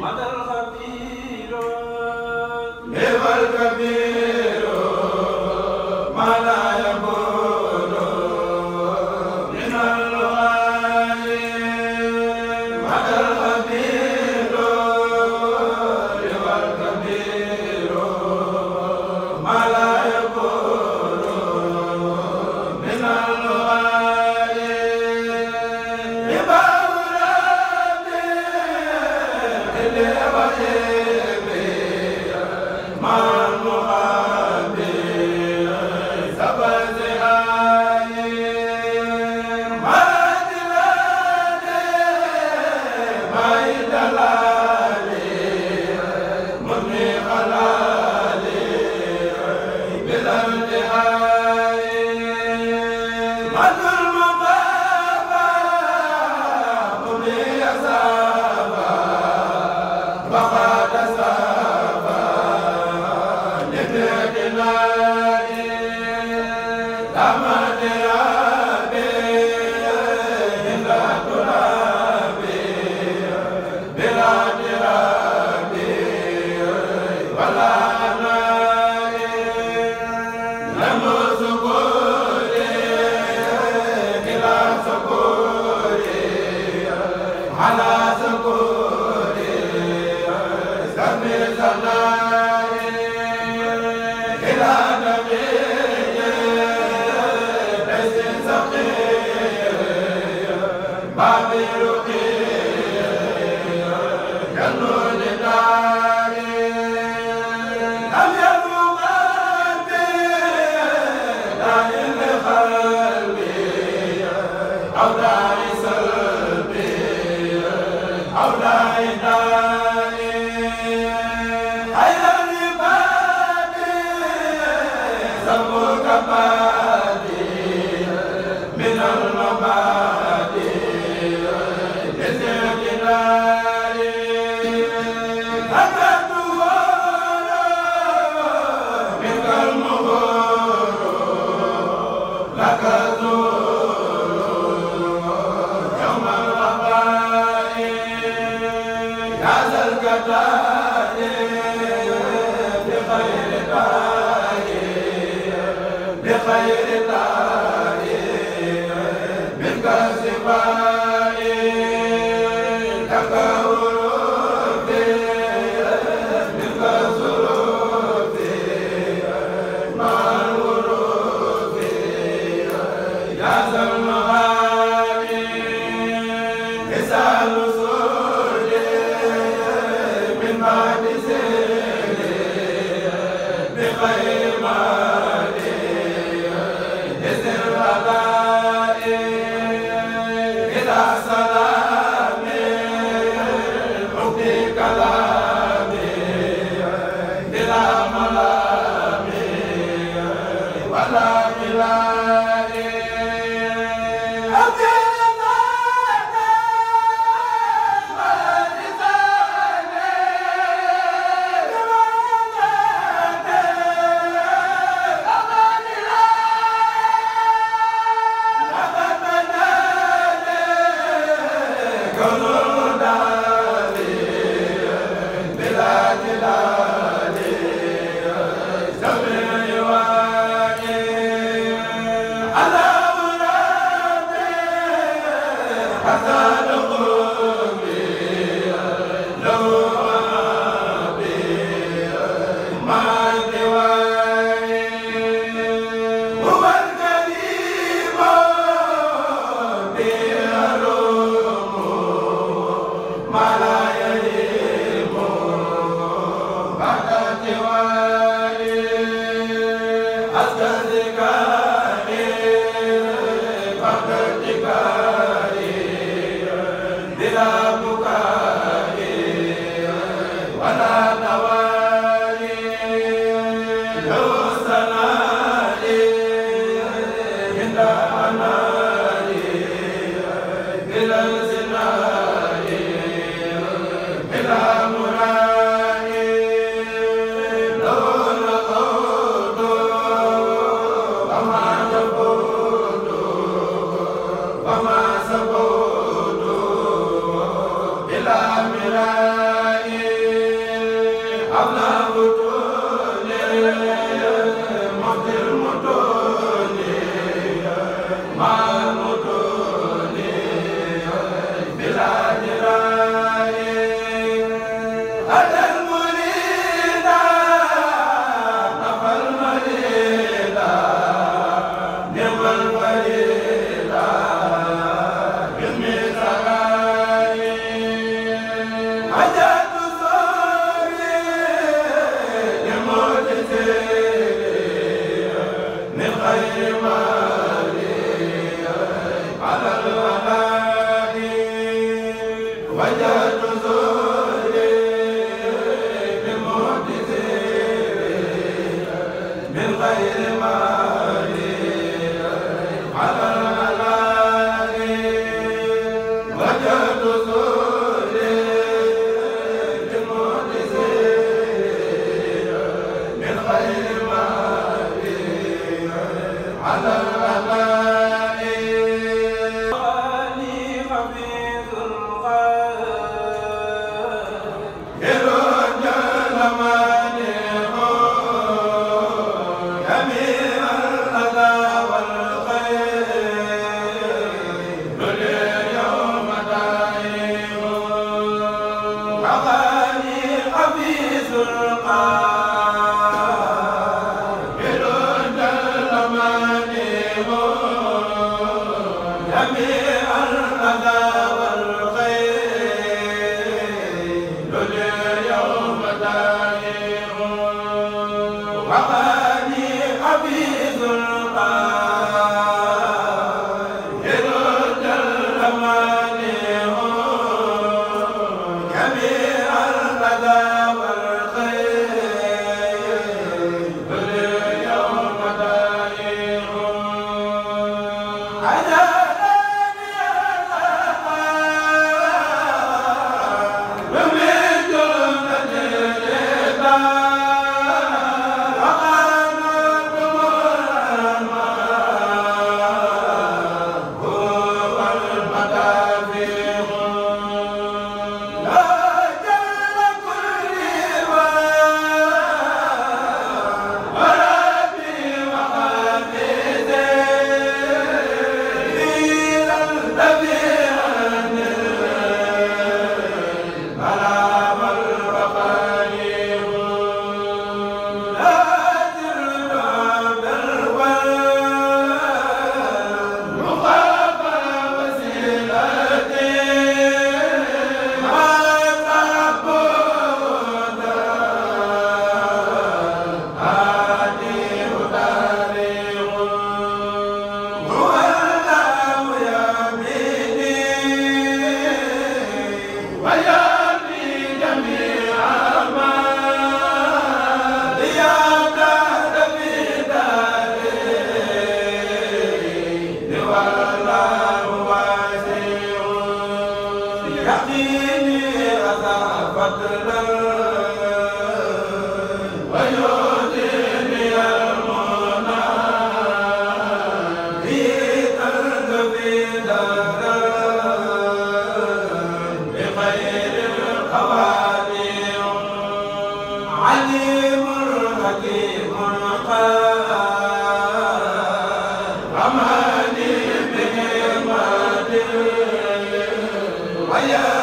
mother Baba Baba ala murade غير ما amiin waaye